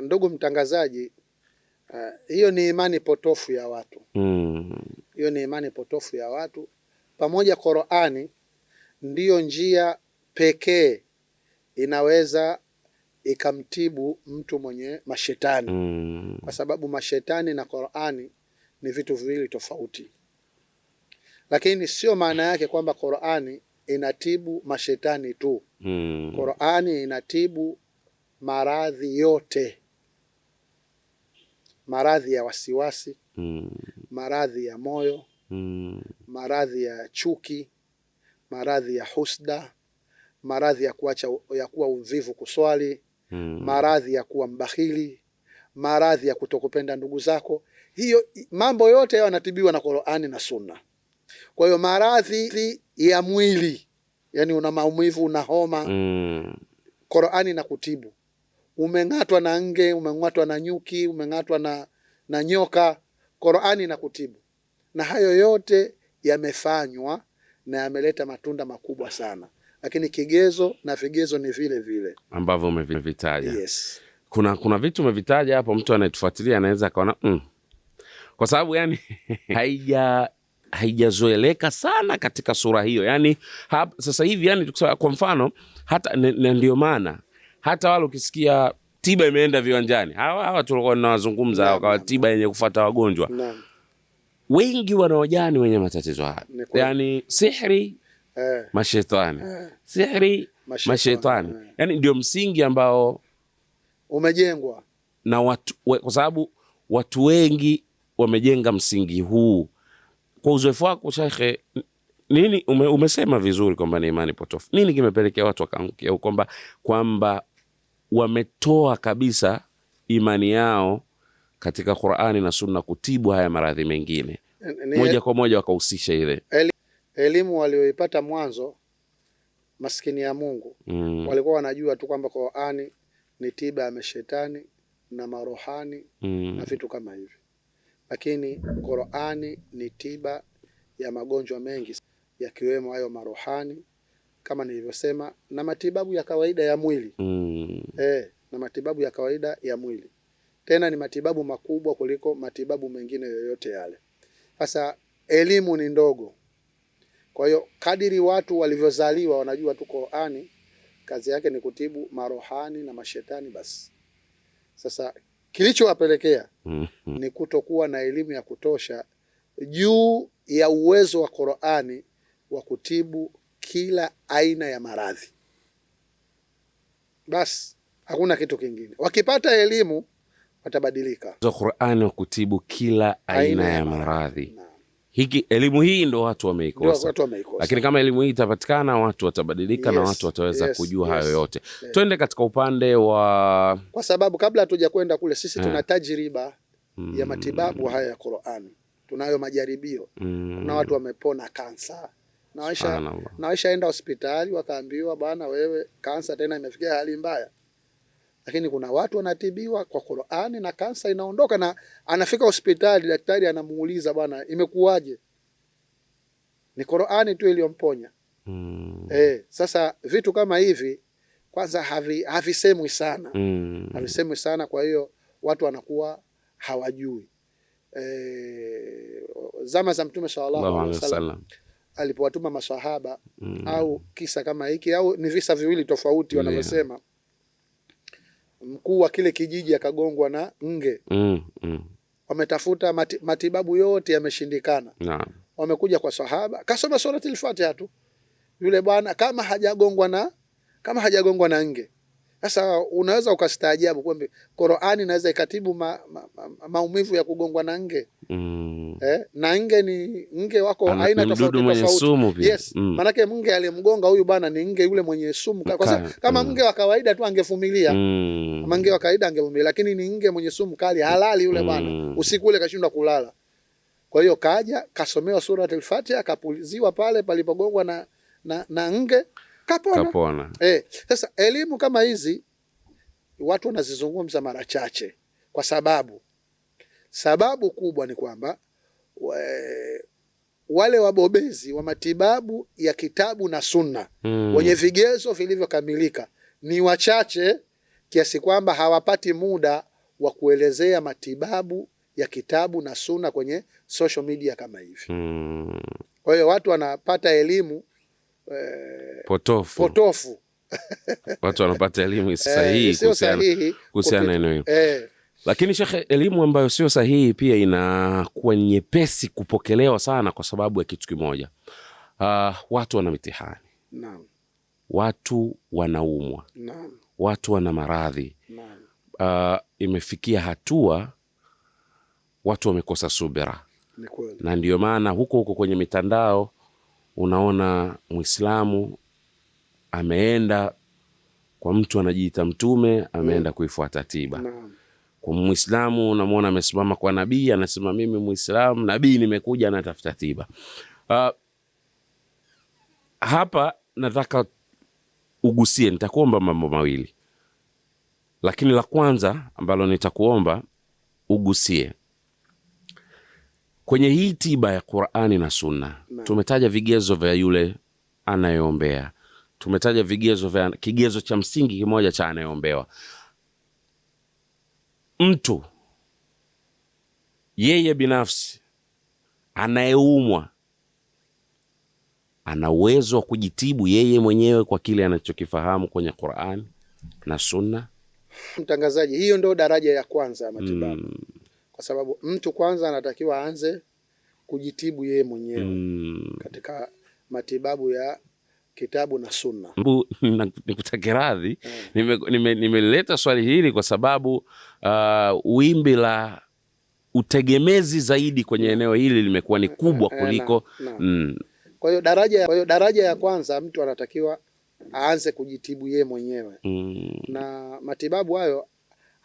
ndugu mtangazaji, eh, hiyo uh, ni imani potofu ya watu mm. hiyo mm. ni imani potofu ya watu pamoja. Qur'ani ndiyo njia pekee inaweza ikamtibu mtu mwenye mashetani mm. kwa sababu mashetani na Qur'ani ni vitu viwili tofauti, lakini sio maana yake kwamba Qur'ani inatibu mashetani tu mm. Qur'ani inatibu maradhi yote maradhi ya wasiwasi mm. maradhi ya moyo mm. maradhi ya chuki, maradhi ya husda, maradhi ya kuacha ya kuwa uvivu kuswali mm. maradhi ya kuwa mbahili, maradhi ya kutokupenda ndugu zako. Hiyo mambo yote hayo yanatibiwa na Qur'ani na Sunna. Kwa hiyo maradhi ya mwili, yani una maumivu, una homa mm. Qur'ani na kutibu umeng'atwa na nge, umeng'atwa na nyuki, umeng'atwa na, na nyoka, Qur'ani inakutibu. Na hayo yote yamefanywa na yameleta matunda makubwa sana, lakini kigezo na vigezo ni vile vile ambavyo umevitaja. Yes. Kuna, kuna vitu umevitaja hapo, mtu anayetufuatilia anaweza akaona mm. kwa sababu yani haija haijazoeleka sana katika sura hiyo yani, hap, sasa hivi yani, kwa mfano hata ndio maana hata wale ukisikia tiba imeenda viwanjani, hawa hawa tulikuwa tunawazungumza hawa kwa tiba yenye kufuata wagonjwa na. Wengi wanaojani wenye matatizo haya, yani sihri eh, mashetani eh, sihri mashetani eh, yani ndio msingi ambao umejengwa na watu, we, kwa sababu watu wengi wamejenga msingi huu kwa uzoefu wako shekhe nini ume, umesema vizuri kwamba ni imani potofu. Nini kimepelekea watu wakaangukia kwamba kwamba wametoa kabisa imani yao katika Qur'ani na Sunna kutibu haya maradhi mengine moja kwa moja wakahusisha ile elimu walioipata mwanzo, maskini ya Mungu mm. walikuwa wanajua tu kwamba Qur'ani ni tiba ya mashetani na marohani mm. na vitu kama hivi, lakini Qur'ani ni tiba ya magonjwa mengi yakiwemo hayo marohani kama nilivyosema, na matibabu ya kawaida ya mwili mm. Eh, na matibabu ya kawaida ya mwili tena ni matibabu makubwa kuliko matibabu mengine yoyote yale. Sasa elimu ni ndogo, kwa hiyo kadiri watu walivyozaliwa wanajua tu Qur'ani kazi yake ni kutibu marohani na mashetani basi. Sasa kilichowapelekea mm. ni kutokuwa na elimu ya kutosha juu ya uwezo wa Qur'ani wa kutibu kila aina ya maradhi. Basi hakuna kitu kingine. Wakipata elimu watabadilika. Qurani wa kutibu kila aina, aina ya maradhi hiki elimu hii ndo watu wameikosa, lakini kama elimu hii itapatikana watu watabadilika, yes, na watu wataweza yes, kujua yes, hayo yote yes. Twende katika upande wa, kwa sababu kabla hatuja kwenda kule sisi yeah. tuna tajriba mm. ya matibabu haya ya Qur'an, tunayo majaribio mm. kuna watu wamepona kansa nawaisha enda hospitali wakaambiwa, bwana wewe kansa tena imefikia hali mbaya. Lakini kuna watu wanatibiwa kwa Qur'ani na kansa inaondoka, na anafika hospitali daktari anamuuliza, bwana imekuwaje? Ni Qur'ani tu iliyomponya. Mm. Eh, sasa vitu kama hivi kwanza havi, havisemwi sana mm. havisemwi sana, kwa hiyo watu wanakuwa hawajui. Eh, zama za Mtume sallallahu alaihi wasallam alipowatuma masahaba mm. au kisa kama hiki au ni visa viwili tofauti wanavyosema Mkuu wa kile kijiji akagongwa na nge mm. Mm. Wametafuta mati, matibabu yote yameshindikana nah. Wamekuja kwa sahaba kasoma surati al-Fatiha tu yule bwana, kama hajagongwa na kama hajagongwa na nge sasa unaweza ukastaajabu kwamba Qur'ani inaweza ikatibu ma, ma, ma, ma, maumivu ya kugongwa na nge mm. Eh, na nge ni nge wako Ana, aina tofauti tofauti. Yes, mm. Manake mge aliyemgonga huyu bana ni nge yule mwenye sumu Ka, kwa sababu kama mm. mge wa kawaida tu angevumilia mm. kama nge wa kawaida angevumilia, lakini ni nge mwenye sumu kali halali yule bana mm. Usiku ule kashindwa kulala, kwa hiyo kaja kasomewa sura al-Fatiha, kapuliziwa pale palipogongwa na, na, na nge kapona, kapona. Eh, sasa elimu kama hizi watu wanazizungumza mara chache, kwa sababu sababu kubwa ni kwamba wale wabobezi wa matibabu ya kitabu na Sunna mm. wenye vigezo vilivyokamilika ni wachache kiasi kwamba hawapati muda wa kuelezea matibabu ya kitabu na Sunna kwenye social media kama hivi mm. Kwa hiyo watu wanapata elimu eh, potofu, potofu. watu wanapata elimu eh, sahihi eh, kuhusiana na eneo hilo eh. Lakini shekhe, elimu ambayo sio sahihi pia inakuwa nyepesi kupokelewa sana kwa sababu ya kitu kimoja. Uh, watu wana mitihani naam. Watu wanaumwa naam. Watu wana maradhi uh, imefikia hatua watu wamekosa subira, na ndio maana huko huko kwenye mitandao unaona mwislamu ameenda kwa mtu anajiita mtume, ameenda mm. kuifuata tiba Naam. Kwa mwislamu unamwona amesimama kwa nabii, anasema mimi mwislamu, nabii nimekuja natafuta tiba. Uh, hapa nataka ugusie, nitakuomba mambo mawili, lakini la kwanza ambalo nitakuomba ugusie Kwenye hii tiba ya Qur'ani na Sunna tumetaja vigezo vya yule anayeombea, tumetaja vigezo vya kigezo cha msingi kimoja cha anayeombewa. Mtu yeye binafsi anayeumwa ana uwezo wa kujitibu yeye mwenyewe kwa kile anachokifahamu kwenye Qur'ani na Sunna. Mtangazaji, hiyo ndo daraja ya kwanza ya matibabu. Mm kwa sababu mtu kwanza anatakiwa aanze kujitibu yeye mwenyewe mm. katika matibabu ya kitabu na sunna. Nikutake radhi nimeleta mm. nime, nime swali hili kwa sababu uh, wimbi la utegemezi zaidi kwenye eneo hili limekuwa ni kubwa eh, eh, kuliko na, na. Mm. Kwa hiyo daraja, kwa hiyo daraja ya kwanza mtu anatakiwa aanze kujitibu yeye mwenyewe mm. na matibabu hayo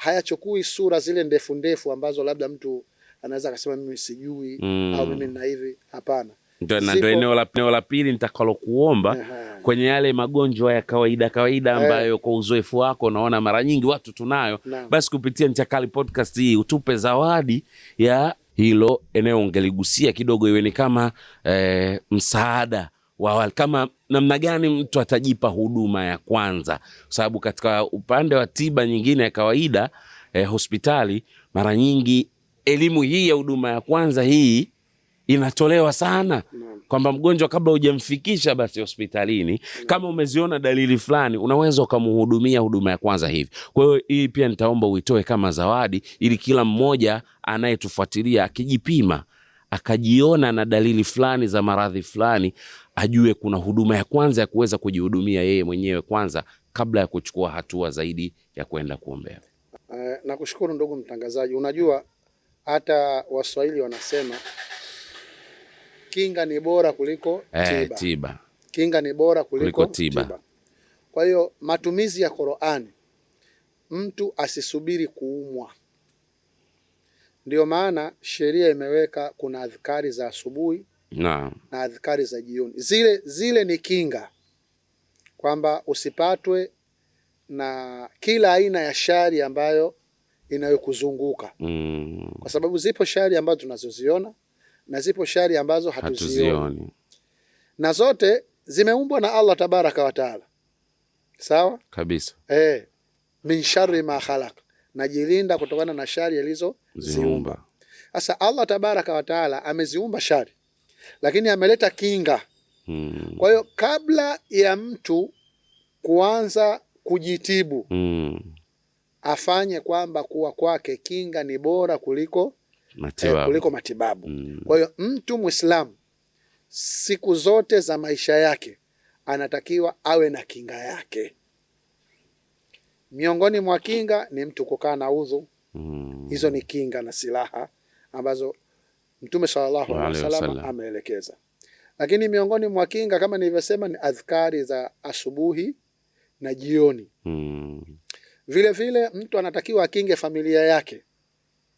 hayachukui sura zile ndefu ndefu ambazo labda mtu anaweza akasema mimi sijui mm. au mimi nina hivi. Hapana, ndio eneo la pili nitakalo kuomba kwenye yale magonjwa ya kawaida kawaida eh. ambayo kwa uzoefu wako unaona mara nyingi watu tunayo na. Basi kupitia Ncha Kali podcast hii utupe zawadi ya hilo eneo, ungeligusia kidogo iwe ni kama eh, msaada wa kama namna gani mtu atajipa huduma ya kwanza, kwa sababu katika upande wa tiba nyingine ya kawaida eh, hospitali mara nyingi elimu hii ya huduma ya kwanza hii inatolewa sana kwamba mgonjwa kabla hujamfikisha basi hospitalini, kama umeziona dalili fulani, unaweza ukamhudumia huduma ya kwanza hivi. Kwa hiyo hii pia nitaomba uitoe kama zawadi, ili kila mmoja anayetufuatilia akijipima akajiona na dalili fulani za maradhi fulani, ajue kuna huduma ya kwanza ya kuweza kujihudumia yeye mwenyewe kwanza kabla ya kuchukua hatua zaidi ya kwenda kuombea. Uh, nakushukuru ndugu mtangazaji. Unajua hata Waswahili wanasema kinga ni bora kuliko eh, tiba. Tiba kinga ni bora kuliko, kuliko tiba, tiba. Kwa hiyo matumizi ya Qur'ani, mtu asisubiri kuumwa ndio maana sheria imeweka kuna adhikari za asubuhi na, na adhikari za jioni. Zile zile ni kinga kwamba usipatwe na kila aina ya shari ambayo inayokuzunguka mm. Kwa sababu zipo shari ambazo tunazoziona na zipo shari ambazo hatuzioni, Na zote zimeumbwa na Allah tabaraka wa taala, sawa kabisa eh, min ma khalaq najilinda kutokana na shari alizoziumba. Sasa Allah tabaraka wataala ameziumba shari, lakini ameleta kinga hmm. Kwa hiyo kabla ya mtu kuanza kujitibu hmm. afanye kwamba kuwa kwake kinga ni bora kuliko eh, matibabu, eh, kuliko matibabu. Hmm. Kwa hiyo mtu Mwislamu siku zote za maisha yake anatakiwa awe na kinga yake. Miongoni mwa kinga ni mtu kukaa na udhu mm. Hizo ni kinga na silaha ambazo Mtume sallallahu alaihi wasallam ameelekeza, lakini miongoni mwa kinga kama nilivyosema ni adhkari za asubuhi na jioni mm. Vile vile mtu anatakiwa akinge familia yake,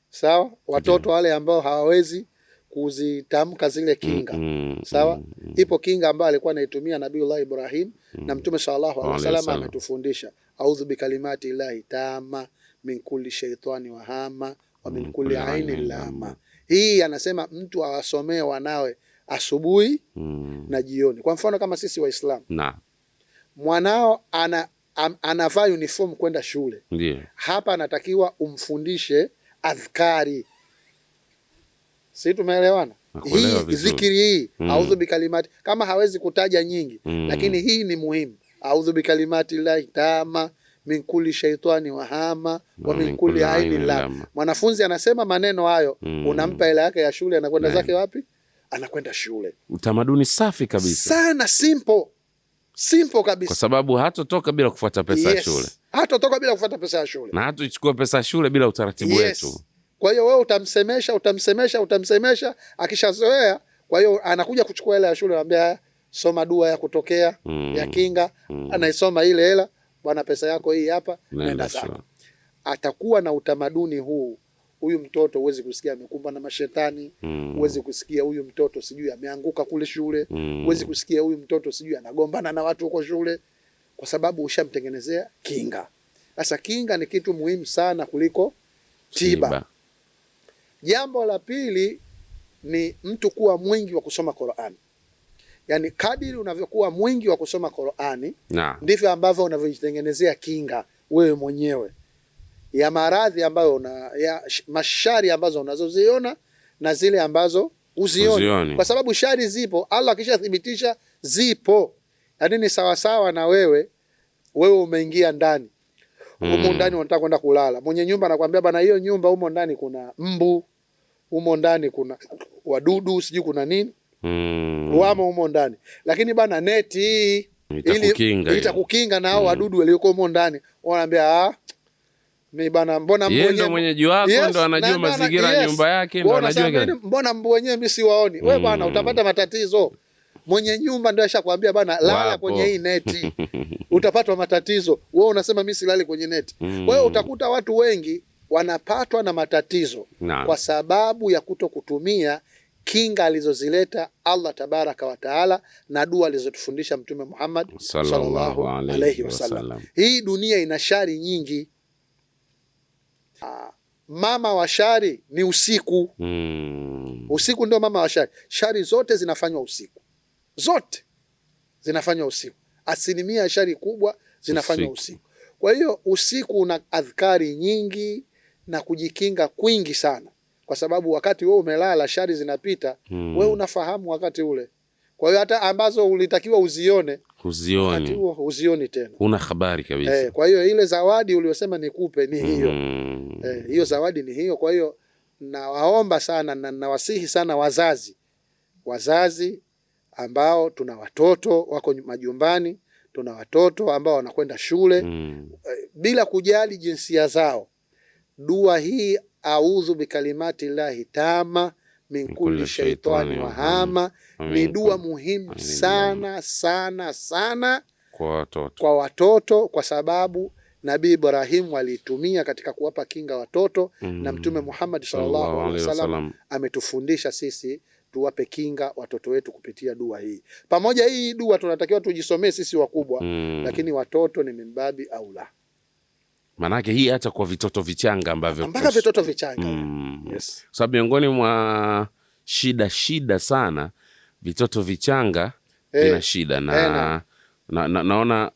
sawa, watoto wale ambao hawawezi kuzitamka zile kinga mm mm, Sawa, mm, mm. ipo kinga ambayo alikuwa anaitumia nabiiullah Ibrahim mm na Mtume salllahu alehi wasallam ametufundisha, audhu bikalimati llahi tama min kulli shaitani wahama wa min kulli aini lama. Hii anasema mtu awasomee wanawe asubuhi mm. na jioni. Kwa mfano kama sisi Waislamu mwanao ana, am, anavaa uniform kwenda shule yeah. hapa anatakiwa umfundishe adhkari si tumeelewana? Hii zikiri hii mm. audhu bikalimati, kama hawezi kutaja nyingi mm. lakini hii ni muhimu. Audhu bikalimati llahi taama min kuli shaitani wahama wa min kulli aini la. Mwanafunzi anasema maneno hayo mm. unampa hela yake ya shule, anakwenda zake wapi? Anakwenda shule. Utamaduni safi kabisa sana, simple simple kabisa, kwa sababu hatotoka bila kufuata pesa ya yes. shule hatotoka bila kufuata pesa ya shule, na hatuichukue pesa ya shule bila utaratibu yes. wetu kwa hiyo wewe utamsemesha, utamsemesha, utamsemesha, akishazoea kwa hiyo anakuja kuchukua hela ya shule, anambia soma dua ya kutokea mm, ya kinga mm, anaisoma ile hela, bwana, pesa yako hii hapa, nenda zako. Atakuwa na utamaduni huu. Huyu mtoto huwezi kusikia amekumbwa na mashetani, mm. huwezi mm, kusikia huyu mtoto sijui ameanguka kule shule, mm. huwezi mm, kusikia huyu mtoto sijui anagombana na watu huko shule, kwa sababu ushamtengenezea kinga. Sasa kinga ni kitu muhimu sana kuliko tiba, tiba. Jambo la pili ni mtu kuwa mwingi wa kusoma Qur'ani. Yaani kadiri unavyokuwa mwingi wa kusoma Qur'ani ndivyo ambavyo unavyojitengenezea kinga wewe mwenyewe ya maradhi ambayo una, ya mashari ambazo unazoziona na zile ambazo uzioni, uzioni. Kwa sababu shari zipo, Allah akishathibitisha zipo, yaani ni sawa na wewe wewe umeingia ndani humo mm. Ndani unataka kwenda kulala, mwenye nyumba anakuambia bana, hiyo nyumba humo ndani kuna mbu humo ndani kuna wadudu sijui kuna nini mm. wamo humo ndani, lakini bana neti hii ita itakukinga na hao hmm. wadudu walioko humo ndani. Wanaambia ah, mimi bana, mbona mbu wenyewe mwenyeji wako yes, ndo anajua mazingira ya yes, nyumba yake ndo anajua gani. Mbona mbu wenyewe mimi siwaoni? mm. Wewe bana utapata matatizo. Mwenye nyumba ndio ashakwambia bana, lala Wapo. kwenye hii neti utapatwa matatizo. Wewe unasema mimi silali kwenye neti. Kwa hmm. hiyo utakuta watu wengi wanapatwa na matatizo na, kwa sababu ya kuto kutumia kinga alizozileta Allah tabaraka wa taala na dua alizotufundisha Mtume Muhammad sallallahu alaihi wasallam. Hii dunia ina shari nyingi. Ah, mama wa shari ni usiku. Mm. Usiku ndio mama wa shari. Shari zote zinafanywa usiku, zote zinafanywa usiku. Asilimia ya shari kubwa zinafanywa usiku, usiku. Kwa hiyo usiku una adhkari nyingi na kujikinga kwingi sana, kwa sababu wakati wewe umelala shari zinapita mm. wewe unafahamu wakati ule. Kwa hiyo hata ambazo ulitakiwa uzione uzione uzioni tena, una habari kabisa eh. Kwa hiyo ile zawadi uliyosema nikupe ni hmm. hiyo mm. eh, hiyo zawadi ni hiyo. Kwa hiyo nawaomba sana na nawasihi sana wazazi, wazazi ambao tuna watoto wako majumbani, tuna watoto ambao wanakwenda shule mm. bila kujali jinsia zao dua hii audhu bikalimati llahi tama min kulli shaitani wahama ni dua muhimu sana sana sana kwa watoto, kwa watoto kwa sababu Nabii Ibrahim waliitumia katika kuwapa kinga watoto mm na Mtume Muhammad sallallahu alaihi wasallam ametufundisha sisi tuwape kinga watoto wetu kupitia dua hii. Pamoja hii dua tunatakiwa tujisomee sisi wakubwa mm. lakini watoto ni mimbabi au la Maanake hii hata kwa vitoto vichanga ambavyo mpaka vitoto vichanga mm. Yes. Kwa sababu miongoni mwa shida shida sana vitoto vichanga hey. Eh, vina shida na, hey, na. Na, na naona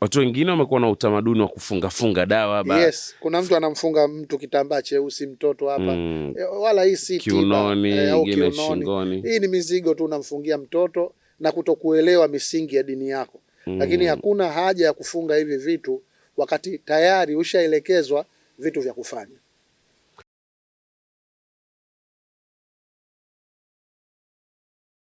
watu wengine wamekuwa na utamaduni wa kufungafunga dawa ba. Yes, kuna mtu anamfunga mtu kitambaa cheusi mtoto hapa mm. Eh, wala hii si kiunoni, e, shingoni. Hii ni mizigo tu unamfungia mtoto na kutokuelewa misingi ya dini yako mm. Lakini hakuna haja ya kufunga hivi vitu wakati tayari ushaelekezwa vitu vya kufanya.